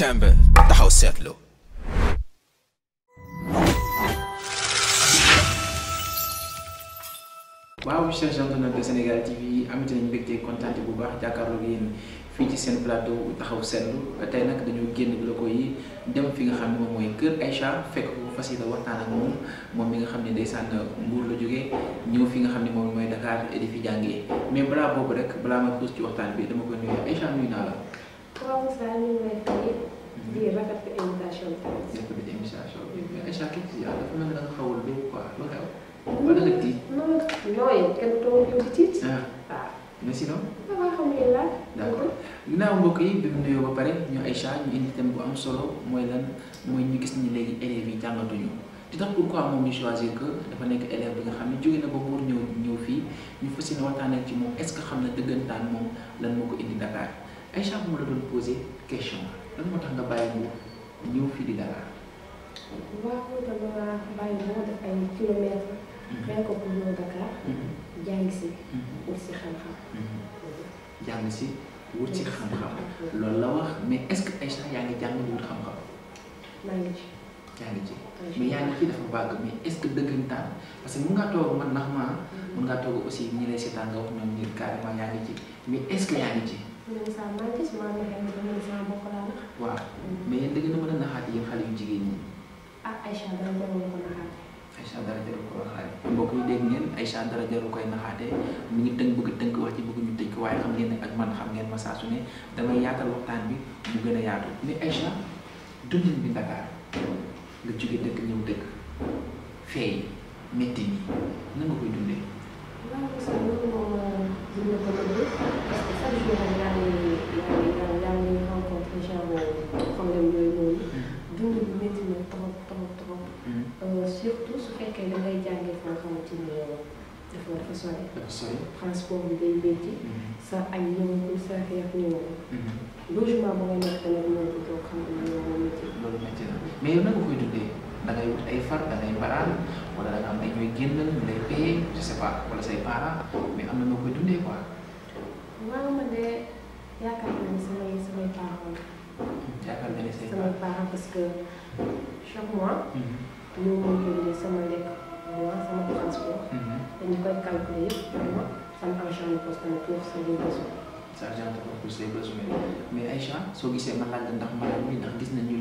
September, the house settler. waaw chers internautes de Sénégal TV amati nañ mbégte kontaante bu baax jàkkaarloo yéen fii ci seen plateau taxaw seetlu tey nag dañu génn loko yi dem fi nga xam ne moom mooy kër Aïcha fekk ko fas yéene waxtaan ak moom moom mi nga xam ne ndeysaan mbuur la jógee ñëw fi nga xam ne moom mooy Dakar di fi jàngee mais balaa boobu rek balaa ma xuus ci waxtaan bi dama ko nuyu Aïcha nuyu naa la. waaw Moussa ñu ngi lay مشاكل في هذا فما نخول به waaw wala nag tii. non non yéen kenn doog a mbokk yi bi mu nuyoo ba pare ñu Aïcha ñu indi thème bu am solo mooy lan mooy ñu gis ni léegi élèves yi jàngatuñu di tax pourquoi moom ñu choisir que dafa nekk élève bi nga xam ne jóge na ba pour ñëw ñëw fii ñu fas yéene waxtaanee ci moom est ce que xam na dëggantaan moom lan moo ko indi Dakar Aïcha bu ma la doon posé question lan moo tax nga bàyyi mu ñëw fii di Dakar. waa Fouta damaa bàyyi ba ma def ko pour ñëw Dakar. jàng si wut si xam-xam. jàng si wut si xam-xam. loolu la wax mais est-ce que Aïcha yaa ngi jàng wut xam-xam. yaa ngi ci mais yaa ngi ci dafa mais ce que dëggantaan parce que mun ngaa toog man yaa ngi ci mais est yaa ngi ci. ñun saa maa ngi ci maa ngi leen di leen waaw mais yéen da ngeen a mën a naxaat yéen xale yu jigéen ñi. ah Aïcha dara jarul ko naxaate. Aïcha dara jarul ko naxaate mbokk yi dara jarul koy naxaate mi ngi tënk bëgg tënk wax ci bëgg ñu tëj ko waaye xam ngeen ak man xam ngeen ma saa su ne damay yaatal waxtaan bi mu gën a yaatu mais Aïcha dundin bi Dakar nga jóge dëkk ñëw dëkk feey métti nii na koy dundee. dafa sori dafa sori day métti sa ay ñëwagul sa xeex ñëwagul logement ba nga nekk tamit ñëw doo xam ne ñëwoo métti loolu mais yow na nga koy dundee da wut ay far da ngay baraan wala am ay ñooy génnal ñu lay paye je sais pas wala say parents mais am na noo koy dundee quoi waaw man de yaakaar naa ni samay samay parents yaakaar naa samay parents parce que chaque mois mm-hmm. ñoo mën ko sama lekk moi sama formation dañ koy calculer sama agent de poste tamit pour sa les besoins sa agent de poste pour besoins mais Aïcha soo gisee ma laaj ndax ma laaj ndax gis nañu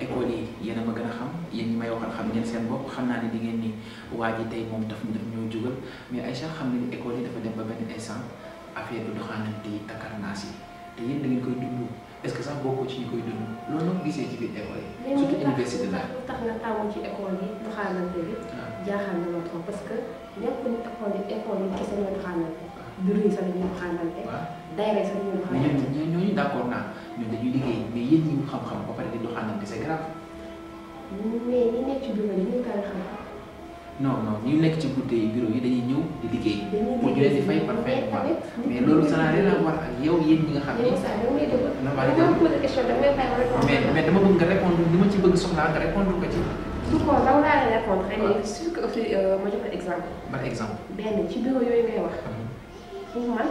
école yi yéen ma gën xam yéen ñi may waxal xam ngeen seen bopp xam di ngeen ni waa ji tey daf daf ñoo jugal mais Aïcha xam école yi dafa dem ba benn instant affaire te da ngeen koy est que sax bokkoo ci ñu koy dund loolu nag gisee ci biir école yi. surtout université la léegi tax ci école yi doxalante bi. Ah. jaaxal na ma trop parce que nekkul école yi école yi kese ñoo doxalante. Ah. bureau yi sax dañuy doxalante. Ah. daayira sax dañuy doxalante. mais ñooñu d'accord naa ñun dañuy liggéey mais yéen ñi xam-xam ba pare di doxalante c'est grave. mais ñi nekk ci bureau yi dañuy kaay xam-xam. non non ñu nekk ci guddi yi bureau yi dañuy ñëw di liggéey. pour ñu leen di fay par mais loolu ça n'a rien à voir ak yow yéen ñi nga xam ne. mais dama bëgg nga répondre li ma ci bëgg soxlaa nga répondre ko ci. pourquoi dama euh, exemple. par exemple. ci bureau yooyu ngay wax. pour na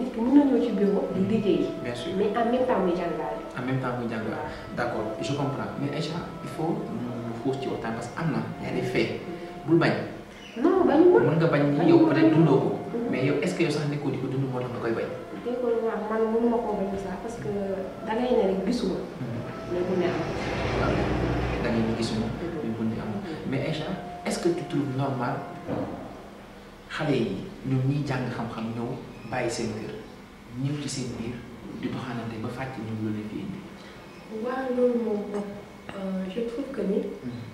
ñëw ci bureau di liggéey. bien sûr mais en même temps muy jàngaale. en même muy jàngaale d' je comprends mais Aïcha il am na y a des bul bañ. non bañ ma mën nga bañ yow peut-être dundoo ko. mais yow est-ce que yow sax nekkoo di ko dund moo tax nga koy bañ. man mënu ma koo bañ sax parce que da ngay hmm. ne gisuma. mais bu ne ce que tu trouves yi ñoom ñiy jàng xam seen kër ñëw ci seen biir di doxaanante ba fàcc ñoom loolu la fi waaw loolu moom euh, je trouve que ni. Hmm.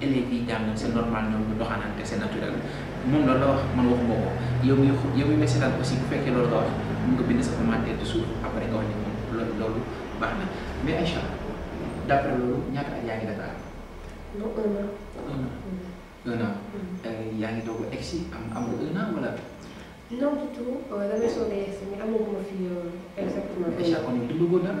élèves yi jàng c' est normal ñoom ñu doxaanante c' est naturel moom loolu la wax man waxuma ko yow mi yow mi mesitaan aussi bu fekkee loolu nga wax mun nga bind sa commentaire de suuf après nga wax ne moom loolu loolu baax na mais Aïcha d' après loolu ñaata yaa ngi Dakar. Mm. Mm. Euh, yaa ngi doog a egg am am un an wala. non tout damay soog a yegg si mais amaguma fi euh, exactement. Aïcha kon dund ko dara.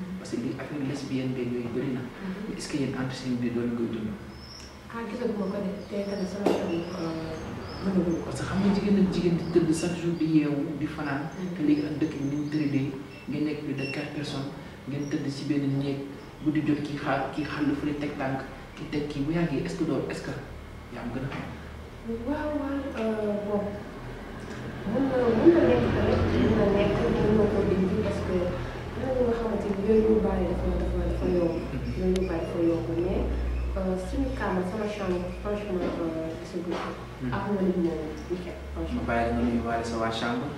parce que lii affaire lesbienne beeg yooyu bëri na est ce que yéen entretien bi doon ngay dund. ah gisaguma ko de sama di chaque mm-hmm. jour di di te ak dëkk ni nga nekk bi de quatre personnes ngeen ci benn bu di jot xaar yooyu yóbbaale dafa dafa dafa yomb yooyu yóbbaale dafa yomb mais euh, suñu cas sama chambre franchement euh, gisaguñ ko. Hmm. ak nga li mu weekend bàyyi la nga nuyuwaale sa waa chambre.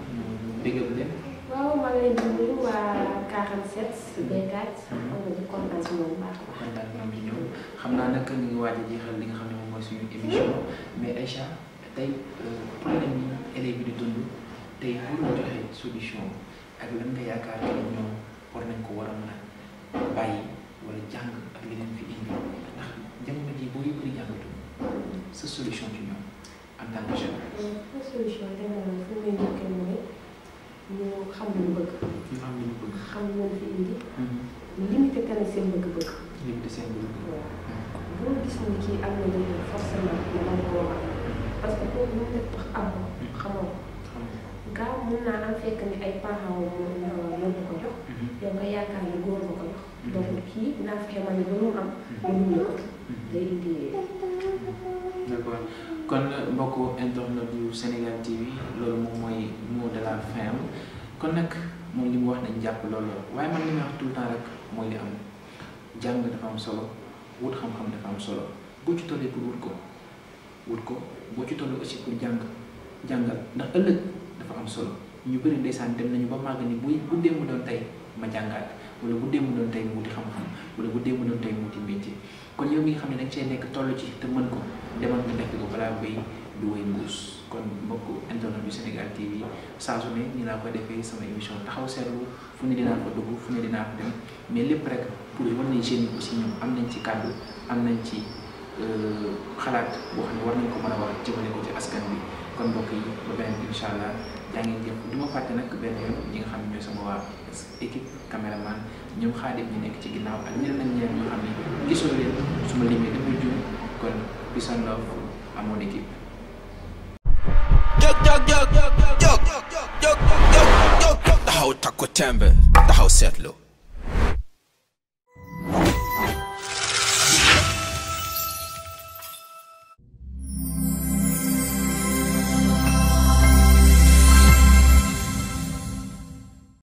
leen. waaw maa ngi leen di waa 47 béykat. Hmm. xam nga di kontaan si bu baax a baax. kontaan ñoom di ñëw xam naa nag ñu ngi waaj a jeexal li nga xam ne moom mooy suñu émission mais Aïcha tey euh, problème yi élèves yi di dund tey bu ñu joxe solution ak lan nga yaakaar ne ñoom. war nañ ko war a mën a bàyyi wala jàng ak li leen fi indi ndax jamono ji boo yëpp di jàngatu sa solution ci ñoom en tant que jeune. solution fu muy njëkkee mooy ñu xam lu bëgg. ñu xam lu bëgg. xam lu fi mhm. bëgg-bëgg. limité seen bëgg-bëgg. Mhm. boo gis ni kii am na forcément mhm. parce que kooku moom la am gaaw mun naa am fekk ni ay parents wu moom ko jox. Mhm. yow nga yaakaar ni góor nga ko jox. Mhm. donc mhm. ko kon mbokku internet yu Sénégal TV loolu moom mooy mot de la fin kon nag moom li mu wax nañ jàpp loolu waaye man li ma wax tout le temps rek mooy li am jàng dafa am solo wut xam-xam dafa am solo boo ci tollee pour wut ko wut ko boo ci tollee aussi pour jàng jàngal ndax ëllëg. dafa am solo ñu bëri ndeysaan dem nañu ba màgg ni buy bu démb doon tey ma jàngaat wala bu démb doon tey mu wuti xam-xam wala bu démb doon tey mu wuti métier kon yow mi nga xam ne dañ nga cee nekk toll ci te mën ko demal nga nekk ko balaa bay du way mbuus kon mbokk internet bi Sénégal TV saa su ne ñu laa ko defee sama émission taxaw seetlu fu ne dinaa ko fu ne dinaa ko mais lépp rek pour war nañ jeunes yi am nañ ci kàddu am nañ ci euh, xalaat boo xam ne war nañ ko mën a war ci askan bi kon mbokk yi ba beneen incha allah ngeen jëf du ma fàtte nag benn yoon ñi nga xam ne ñooy sama waa équipe caméraman ñoom xaadim ñu nekk ci ginnaaw ak ñeneen ak ñeneen ñoo xam ne gisoo leen su limee damay jum kon peace love à équipe. taxaw takku tembe taxaw seetlu.